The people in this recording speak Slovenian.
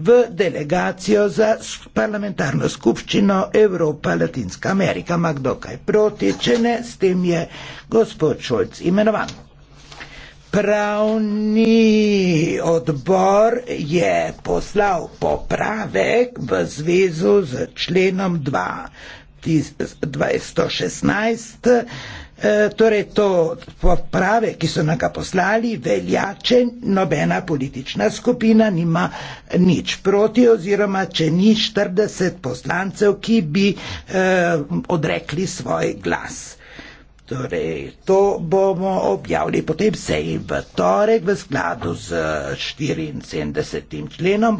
v delegacijo za parlamentarno skupščino Evropa, Latinska Amerika. Ma kdo kaj proti, če ne, s tem je gospod Šolc imenovan. Pravni odbor je poslal popravek v zvezu z členom 2, 2, 2, 116. E, torej to poprave, ki so ga poslali, velja, če nobena politična skupina nima nič proti oziroma če ni 40 poslancev, ki bi eh, odrekli svoj glas. Torej, to bomo objavili potem sej v torek v skladu z 74. členom.